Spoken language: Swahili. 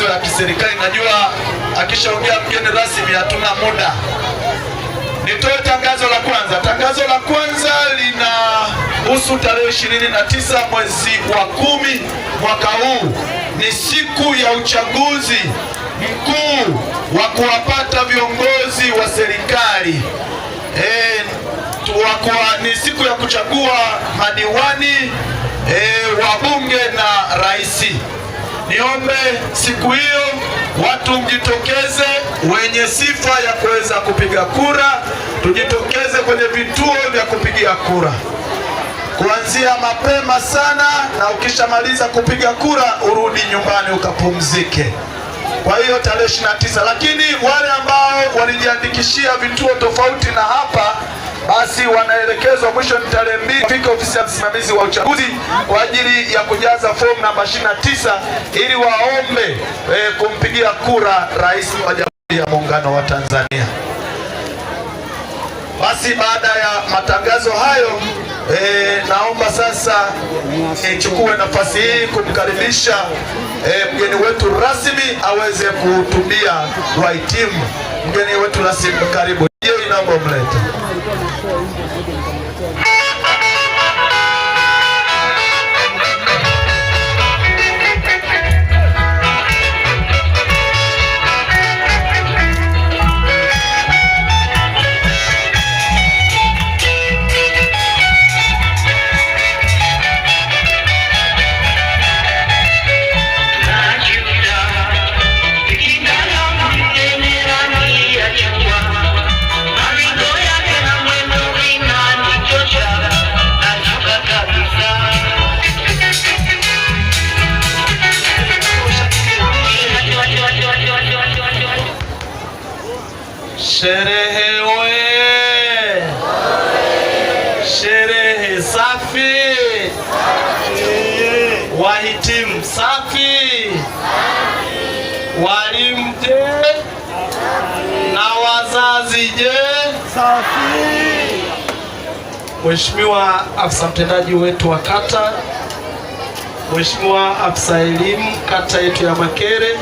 sio wa kiserikali, najua akishaongea mgeni rasmi hatuna muda. Nitoe tangazo la kwanza. Tangazo la kwanza linahusu tarehe 29 mwezi wa kumi mwaka huu, ni siku ya uchaguzi mkuu wa kuwapata viongozi wa serikali e, ni siku ya kuchagua madiwani e, wabunge na Niombe siku hiyo watu mjitokeze, wenye sifa ya kuweza kupiga kura, tujitokeze kwenye vituo vya kupigia kura kuanzia mapema sana, na ukishamaliza kupiga kura urudi nyumbani ukapumzike. Kwa hiyo tarehe 29, lakini wale ambao walijiandikishia vituo tofauti na hapa basi wanaelekezwa mwisho ni tarehe mbili kufika ofisi ya msimamizi wa uchaguzi kwa ajili ya kujaza fomu namba 29 ili waombe eh, kumpigia kura rais wa Jamhuri ya Muungano wa Tanzania. Basi baada ya matangazo hayo eh, naomba sasa nichukue eh, nafasi hii kumkaribisha eh, mgeni wetu rasmi aweze kuhutubia wahitimu. Mgeni wetu la siku, karibu. Hiyo inaomba mlete Sherehe oye! Sherehe safi! Wahitimu safi! Walimu je? Na wazazi je? Mheshimiwa afisa mtendaji wetu wa kata, Mheshimiwa afisa elimu kata yetu ya Makere